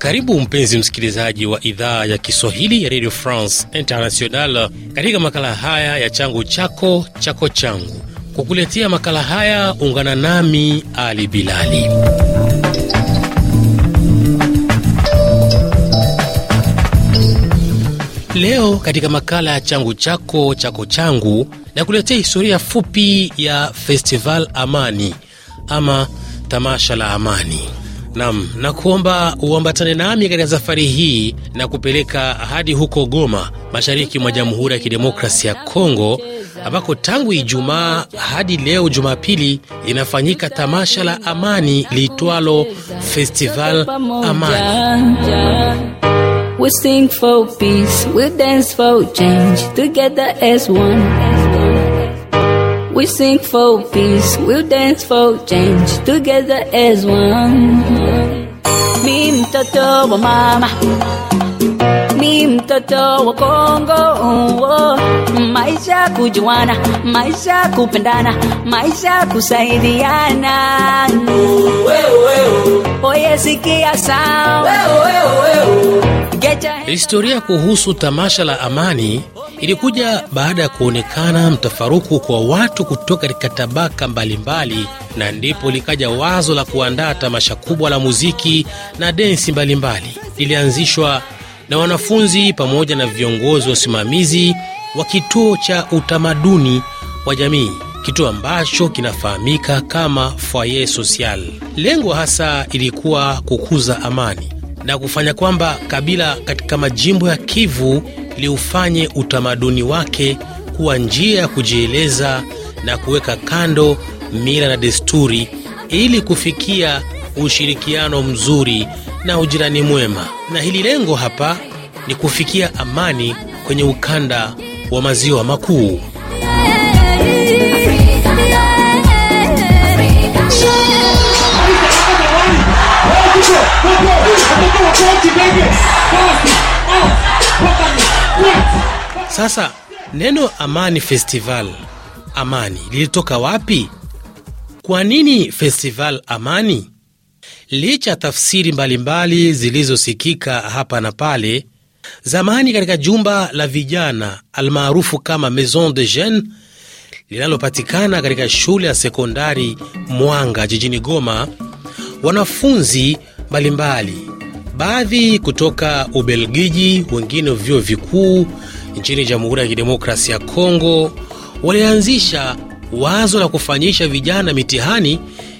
Karibu mpenzi msikilizaji wa idhaa ya Kiswahili ya Radio France International katika makala haya ya changu chako chako changu. Kukuletea makala haya ungana nami Ali Bilali. Leo katika makala ya changu chako chako changu nakuletea historia fupi ya Festival Amani ama tamasha la amani. Nam na kuomba uambatane nami katika safari hii na kupeleka hadi huko Goma, mashariki mwa Jamhuri ya Kidemokrasia ya Kongo, ambako tangu Ijumaa hadi leo Jumapili inafanyika tamasha la amani liitwalo Festival Amani. We sing for peace, we dance for change, together as one. We sing for peace, we'll dance for change, together as one. Mi mtoto wa mama, mi mtoto wa Kongo. maisha kujuana, maisha kupendana, maisha kusaidiana. Oye, sikia sawa. Historia kuhusu tamasha la amani ilikuja baada ya kuonekana mtafaruku kwa watu kutoka katika tabaka mbalimbali, na ndipo likaja wazo la kuandaa tamasha kubwa la muziki na densi mbalimbali. Lilianzishwa na wanafunzi pamoja na viongozi wa usimamizi wa kituo cha utamaduni wa jamii, kituo ambacho kinafahamika kama Foyer Social. Lengo hasa ilikuwa kukuza amani na kufanya kwamba kabila katika majimbo ya Kivu liufanye utamaduni wake kuwa njia ya kujieleza na kuweka kando mila na desturi ili kufikia ushirikiano mzuri na ujirani mwema. Na hili lengo hapa ni kufikia amani kwenye ukanda wa maziwa makuu. Sasa neno Amani Festival, amani lilitoka wapi? Kwa nini Festival Amani? Licha tafsiri mbalimbali zilizosikika hapa na pale, zamani katika jumba la vijana almaarufu kama Maison de Jeunes linalopatikana katika shule ya sekondari Mwanga jijini Goma, wanafunzi mbalimbali, baadhi kutoka Ubelgiji, wengine vyuo vikuu nchini Jamhuri ya kidemokrasi ya Kongo walianzisha wazo la kufanyisha vijana mitihani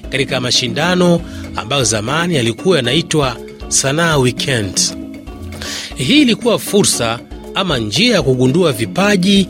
katika mashindano ambayo zamani yalikuwa yanaitwa sanaa weekend. Hii ilikuwa fursa ama njia ya kugundua vipaji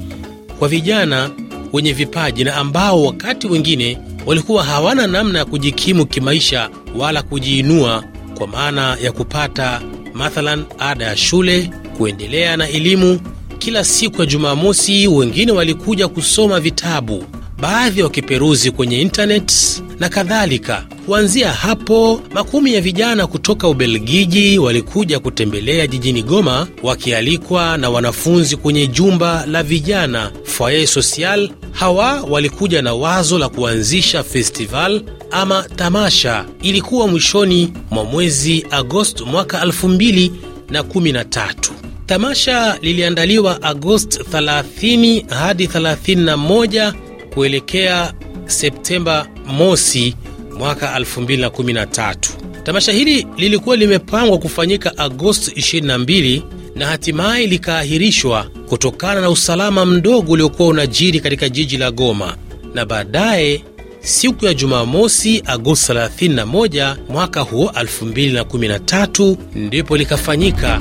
kwa vijana wenye vipaji na ambao wakati wengine walikuwa hawana namna ya kujikimu kimaisha wala kujiinua kwa maana ya kupata mathalan ada ya shule, kuendelea na elimu kila siku ya Jumamosi, wengine walikuja kusoma vitabu, baadhi wakiperuzi kwenye internet na kadhalika. Kuanzia hapo, makumi ya vijana kutoka Ubelgiji walikuja kutembelea jijini Goma, wakialikwa na wanafunzi kwenye jumba la vijana Foyer Social. Hawa walikuja na wazo la kuanzisha festival ama tamasha. Ilikuwa mwishoni mwa mwezi Agosti mwaka 2013. Tamasha liliandaliwa Agosti 30 hadi 31 kuelekea Septemba mosi mwaka 2013. Tamasha hili lilikuwa limepangwa kufanyika Agosti 22 na hatimaye likaahirishwa kutokana na usalama mdogo uliokuwa unajiri katika jiji la Goma na baadaye siku ya Jumamosi Agosti 31 mwaka huo 2013 ndipo likafanyika.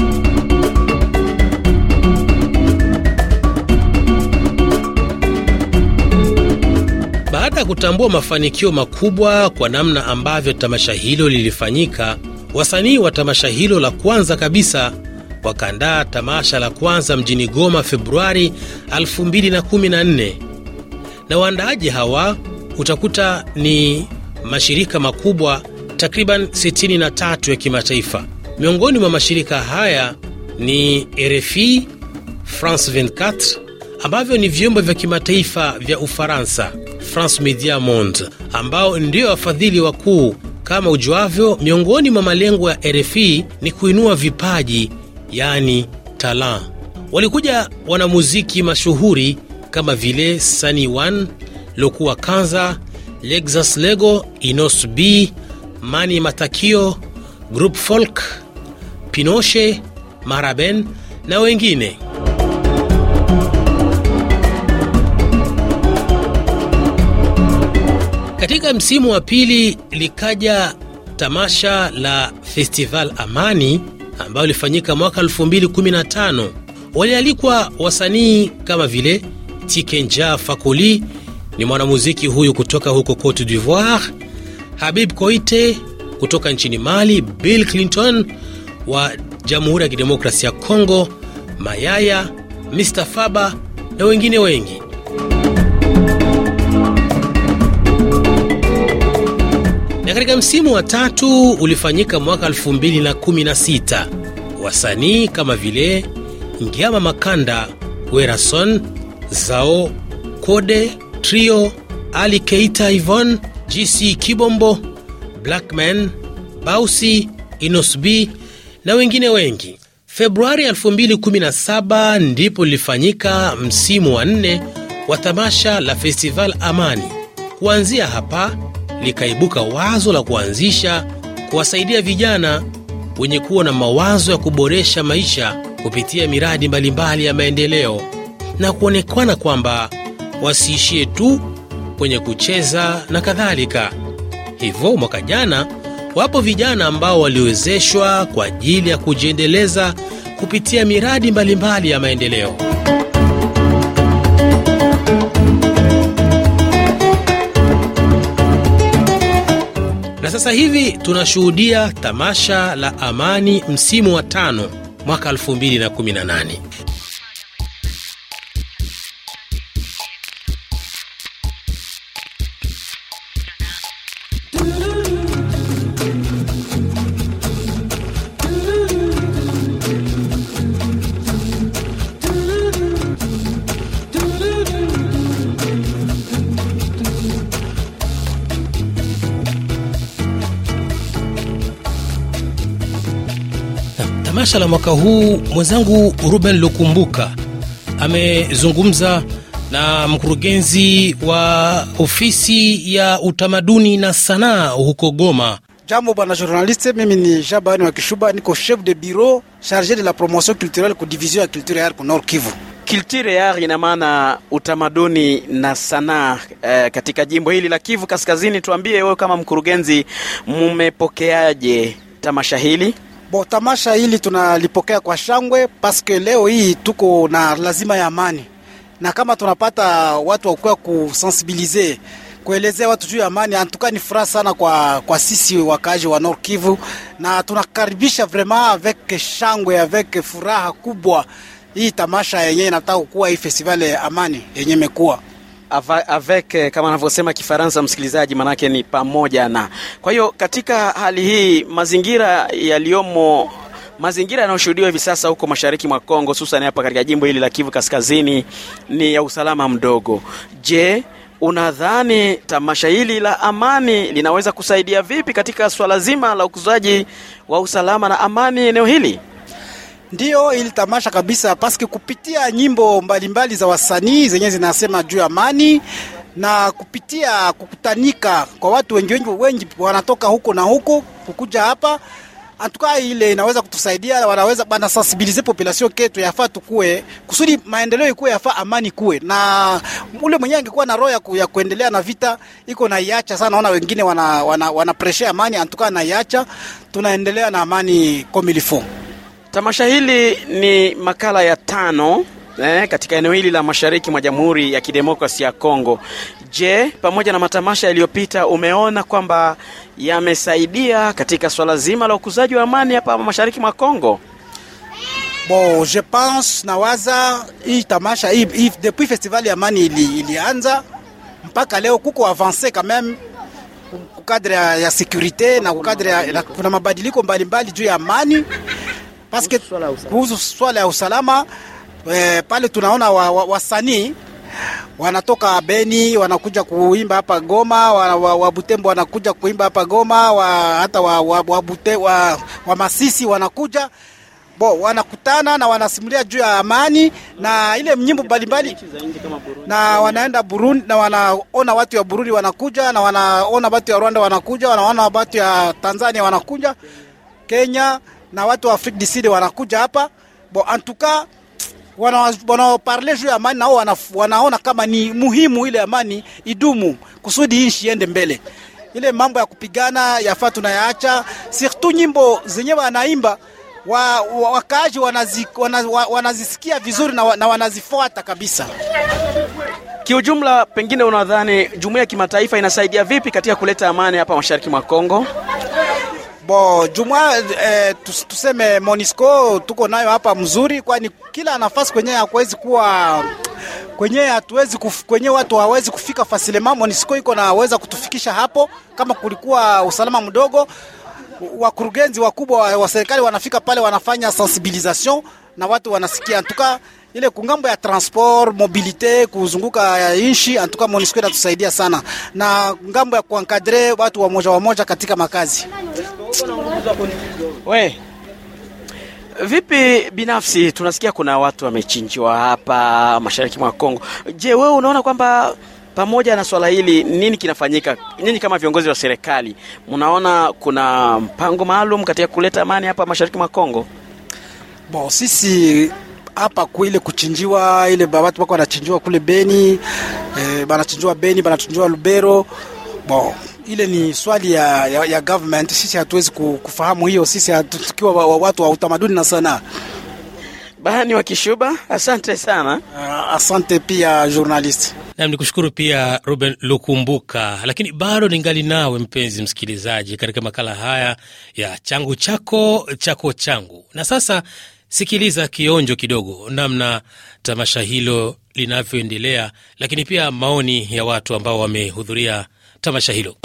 ya kutambua mafanikio makubwa kwa namna ambavyo tamasha hilo lilifanyika, wasanii wa tamasha hilo la kwanza kabisa wakaandaa tamasha la kwanza mjini Goma Februari 2014 na waandaaji hawa utakuta ni mashirika makubwa takriban 63 ya kimataifa. Miongoni mwa mashirika haya ni RFI, France 24 ambavyo ni vyombo vya kimataifa vya Ufaransa, France Media Monde ambao ndio wafadhili wakuu. Kama ujuavyo, miongoni mwa malengo ya RFI ni kuinua vipaji, yaani talent. Walikuja wanamuziki mashuhuri kama vile Sani One, Lokua Kanza, Lexus Lego, Inos B, Mani Matakio, Group Folk, Pinoshe, Maraben na wengine. Katika msimu wa pili likaja tamasha la Festival Amani ambayo ilifanyika mwaka 2015. Walialikwa wasanii kama vile Tikenja Fakoli, ni mwanamuziki huyu kutoka huko Cote d'Ivoire, Habib Koite kutoka nchini Mali, Bill Clinton wa Jamhuri ya Kidemokrasia ya Kongo, Mayaya, Mr Faba na wengine wengi. na katika msimu wa tatu ulifanyika mwaka 2016 wasanii kama vile Ngiama Makanda, Werason, Zao Kode, Trio, Ali Keita, Ivon, GC Kibombo, Blackman, Bausi, Inosb na wengine wengi. Februari 2017 ndipo lilifanyika msimu wa nne wa tamasha la Festival Amani. Kuanzia hapa likaibuka wazo la kuanzisha kuwasaidia vijana wenye kuwa na mawazo ya kuboresha maisha kupitia miradi mbalimbali ya maendeleo na kuonekana kwamba wasiishie tu kwenye kucheza na kadhalika. Hivyo mwaka jana, wapo vijana ambao waliwezeshwa kwa ajili ya kujiendeleza kupitia miradi mbalimbali mbali ya maendeleo. Sasa hivi tunashuhudia tamasha la Amani msimu wa tano mwaka 2018 tamasha la mwaka huu, mwenzangu Ruben Lukumbuka amezungumza na mkurugenzi wa ofisi ya utamaduni na sanaa huko Goma. Jambo bwana journaliste, mimi ni Jabani wa Kishuba, niko chef de bureau charge de la promotion culturelle ku division ya culture ya Nord Kivu. Culture yar ina maana utamaduni na sanaa eh, katika jimbo hili la Kivu Kaskazini. Tuambie wewe kama mkurugenzi, mmepokeaje tamasha hili? Bo, tamasha hili tunalipokea kwa shangwe paske leo hii tuko na lazima ya amani, na kama tunapata watu wakuwa kusensibilize kuelezea watu juu ya amani, antuka ni furaha sana kwa, kwa sisi wakaaji wa Nord Kivu, na tunakaribisha vraiment avec shangwe avec furaha kubwa hii tamasha yenyewe inataka kuwa hii festival ya amani yenye imekuwa avec eh, kama anavyosema Kifaransa msikilizaji, manake ni pamoja na. Kwa hiyo katika hali hii mazingira yaliyomo mazingira yanayoshuhudiwa hivi sasa huko mashariki mwa Kongo hususan hapa katika jimbo hili la Kivu Kaskazini ni ya usalama mdogo. Je, unadhani tamasha hili la amani linaweza kusaidia vipi katika swala zima la ukuzaji wa usalama na amani eneo hili? Ndiyo, ili tamasha kabisa, paske kupitia nyimbo mbalimbali mbali za wasanii zenye zinasema juu ya amani na kupitia kukutanika kwa watu wengi wengi, wengi wanatoka huko na huko kukuja hapa atukaa ile inaweza kutusaidia, wanaweza bana sensibilize population ketu, yafaa tukue kusudi maendeleo ikuwe, yafaa amani kuwe na ule mwenye angekuwa na roho ya, ku, ya kuendelea na vita iko na iacha sana. Naona wengine wana, wana, wana pressure amani, antukaa na iacha, tunaendelea na amani komilifo. Tamasha hili ni makala ya tano eh, katika eneo hili la mashariki mwa Jamhuri ya Kidemokrasia ya Kongo. Je, pamoja na matamasha yaliyopita umeona kwamba yamesaidia katika swala zima la ukuzaji wa amani hapa mashariki mwa Kongo? Bon, je pense nawaza hii tamasha hii, depuis festival ya amani ili, ilianza mpaka leo kuko avance quand même ya, ya securite na kukadre ya, kuna mabadiliko mbalimbali juu ya amani paske kuhusu swala ya usalama eh, pale tunaona wasanii wa, wa wanatoka Beni wanakuja kuimba hapa Goma, Wabutembo wa, wa wanakuja kuimba hapa Goma, wa, hata wa, wa, wa, bute, wa, wa Masisi wanakuja bo, wanakutana na wanasimulia juu ya amani na ile nyimbo mbalimbali, na wanaenda Burundi na wanaona watu ya Burundi wanakuja, na wanaona watu ya Rwanda wanakuja, wanaona watu ya Tanzania wanakuja, Kenya na watu wa Afrique du Sud wanakuja hapa bo antuka wanaoparle juu ya amani nao wana, wanaona kama ni muhimu ile amani idumu kusudi nchi iende mbele. Ile mambo ya kupigana yafaa tunayaacha, surtout nyimbo zenye wanaimba wa, wa, wakaaji wanazi, wana, wanazisikia vizuri na, na wanazifuata kabisa. Kiujumla, pengine unadhani jumuiya ya kimataifa inasaidia vipi katika kuleta amani hapa mashariki mwa Kongo? Bo jumwa eh, tuseme Monisco tuko nayo hapa mzuri, kwani kila nafasi kwenye hakuwezi kuwa kwenye hatuwezi kuf, kwenye watu hawezi kufika fasilema. Monisco iko naweza kutufikisha hapo, kama kulikuwa usalama mdogo wakurugenzi wakubwa wa serikali wanafika pale, wanafanya sensibilisation na watu wanasikia. Antuka ile kungambo ya transport mobilite, kuzunguka nchi, antuka Monisco inatusaidia sana, na ngambo ya kuankadre watu wa moja wa moja katika makazi. We, vipi binafsi, tunasikia kuna watu wamechinjiwa hapa mashariki mwa Kongo. Je, wewe unaona kwamba pamoja na swala hili nini kinafanyika? Nyinyi kama viongozi wa serikali mnaona kuna mpango maalum katika kuleta amani hapa mashariki mwa Kongo? Bo, sisi hapa kuile kuchinjiwa ile watu wako wanachinjiwa kule Beni, eh, banachinjiwa Beni, banachinjiwa Lubero. bo ile ni swali ya, ya, ya government. Sisi hatuwezi kufahamu hiyo, sisi tukiwa wa, wa, watu wa utamaduni na sanaa. Bahani wa Kishuba, asante sana. Uh, asante pia journalist. Nam ni kushukuru pia Ruben Lukumbuka, lakini bado ningali nawe mpenzi msikilizaji, katika makala haya ya changu chako chako changu. Na sasa sikiliza kionjo kidogo, namna tamasha hilo linavyoendelea, lakini pia maoni ya watu ambao wamehudhuria tamasha hilo.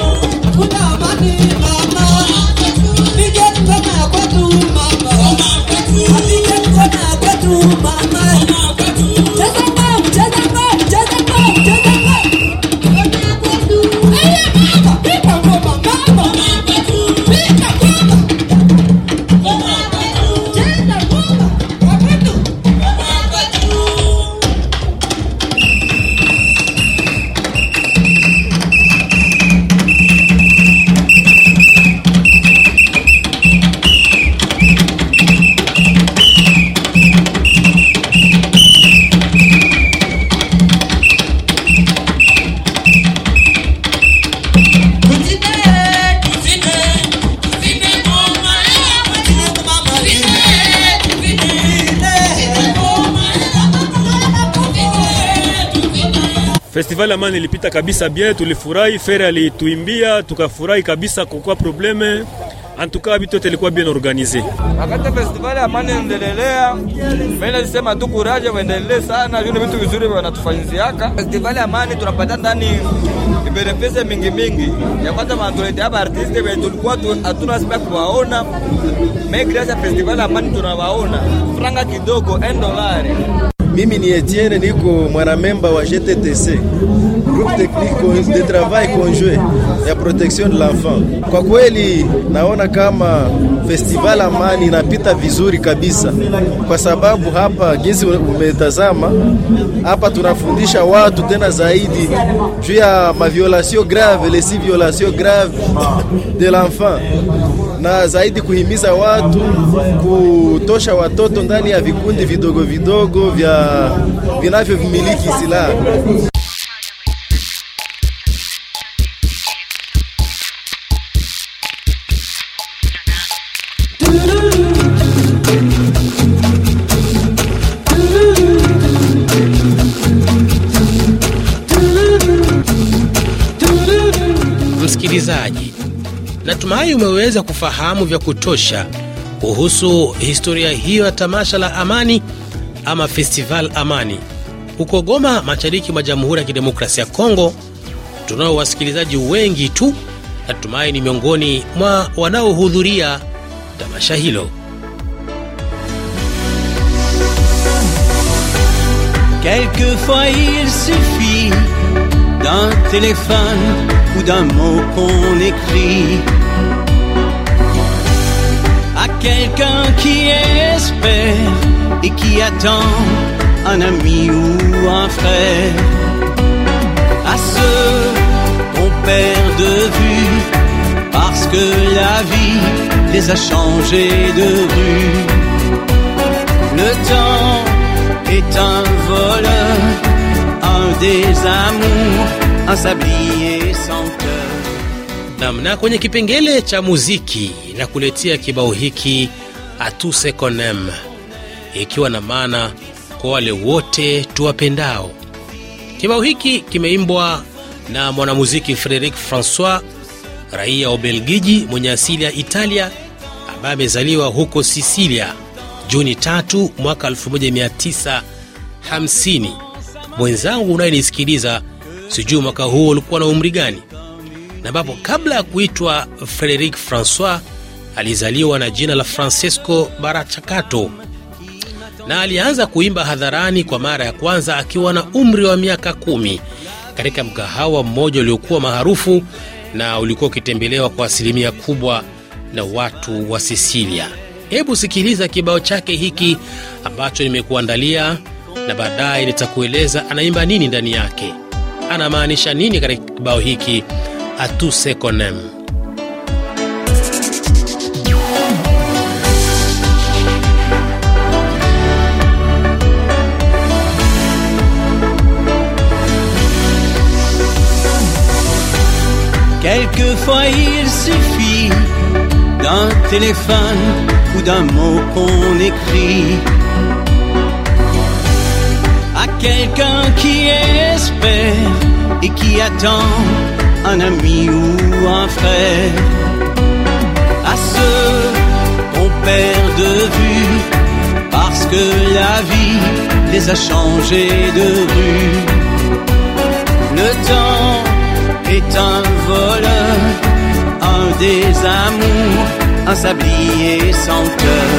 Festival Parlement ilipita kabisa bien, tulifurahi. Fere alituimbia tukafurahi kabisa, kukua probleme antuka bitote ilikuwa bien organize. Wakati festival ya amani inaendelea, mimi nasema tu kuraje waendelee sana, vile vitu vizuri wanatufanyiziaka. Festival ya amani tunapata ndani benefisi mingi mingi. Ya kwanza wanatuletea hapa artiste wenye tulikuwa hatuna sipa kuwaona. Mimi gracias festival ya amani tunawaona. Franga kidogo 1 dolari. Mimi ni Etienne, niko mwanamemba wa GTTC groupe technique de travail conjoint ya protection de l'enfant. Kwa kweli naona kama festival Amani inapita vizuri kabisa, kwa sababu hapa jinsi umetazama hapa, tunafundisha watu tena zaidi juu ya maviolation grave lesi violations grave de l'enfant na zaidi kuhimiza watu kutosha watoto ndani ya vikundi vidogo vidogo vya vinavyomiliki silaha. Msikilizaji, natumai umeweza kufahamu vya kutosha kuhusu historia hiyo ya tamasha la Amani ama Festival Amani huko Goma, mashariki mwa Jamhuri ya Kidemokrasia ya Kongo. Tunao wasikilizaji wengi tu, natumai ni miongoni mwa wanaohudhuria tamasha hilo. Quelquefois il suffit d'un téléphone ou d'un mot qu'on écrit à quelqu'un qui espère et qui attend un ami ou un frère, à ceux qu'on perd de vue parce que la vie les a changés de rue. Le temps est un voleur, un des amours, un sablier nam. Na kwenye kipengele cha muziki na kuletea kibao hiki atuse konem, ikiwa na maana kwa wale wote tuwapendao. Kibao hiki kimeimbwa na mwanamuziki Frederic Francois, raia wa Ubelgiji mwenye asili ya Italia, ambaye amezaliwa huko Sisilia Juni 3 mwaka 1950. Mwenzangu unayenisikiliza sijui mwaka huo ulikuwa na umri gani, na ambapo kabla ya kuitwa Frederic Francois alizaliwa na jina la Francesco barachakato na alianza kuimba hadharani kwa mara ya kwanza akiwa na umri wa miaka kumi katika mkahawa mmoja uliokuwa maarufu na ulikuwa ukitembelewa kwa asilimia kubwa na watu wa Sisilia. Hebu sikiliza kibao chake hiki ambacho nimekuandalia, na baadaye nitakueleza anaimba nini ndani yake. anamaanisha nini katika kibao hiki Quelquefois il suffit d'un téléphone ou d'un mot qu'on écrit quelqu'un qui espère et qui attend un ami ou un frère. À ceux qu'on perd de vue parce que la vie les a changés de rue. Le temps est un voleur, un désamour un sablier sans cœur.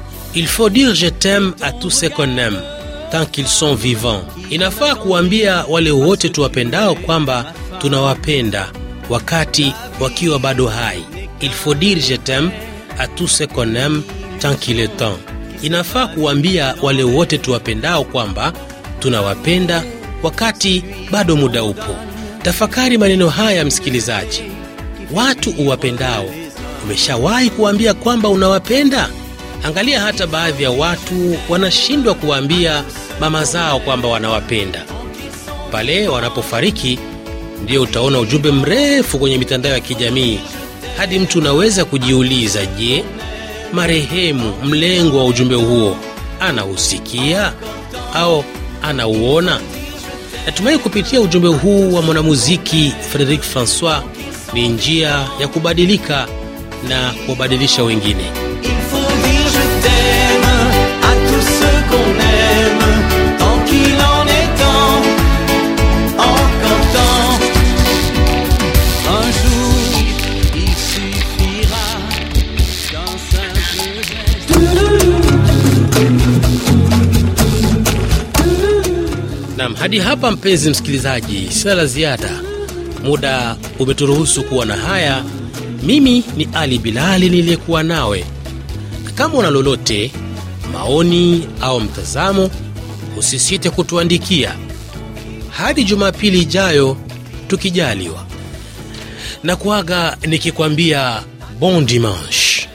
Il faut dire je t'aime à tous ceux qu'on aime tant qu'ils sont vivants. Inafaa kuambia wale wote tuwapendao kwamba tunawapenda wakati wakiwa bado hai. Il faut dire je t'aime à tous ceux qu'on aime tant qu'il est temps. Inafaa kuambia wale wote tuwapendao kwamba tunawapenda wakati bado muda upo. Tafakari maneno haya, msikilizaji. Watu uwapendao, umeshawahi kuambia kwamba unawapenda? Angalia hata baadhi ya watu wanashindwa kuwaambia mama zao kwamba wanawapenda. Pale wanapofariki ndio utaona ujumbe mrefu kwenye mitandao ya kijamii, hadi mtu unaweza kujiuliza, je, marehemu mlengo wa ujumbe huo anausikia au anauona? Natumai kupitia ujumbe huu wa mwanamuziki Frederic Francois ni njia ya kubadilika na kuwabadilisha wengine. hapa, mpenzi msikilizaji, sina la ziada, muda umeturuhusu kuwa na haya. Mimi ni Ali Bilali niliyekuwa nawe. Kama una lolote, maoni au mtazamo, usisite kutuandikia. Hadi Jumapili ijayo tukijaliwa, na kuaga nikikwambia bon dimanche.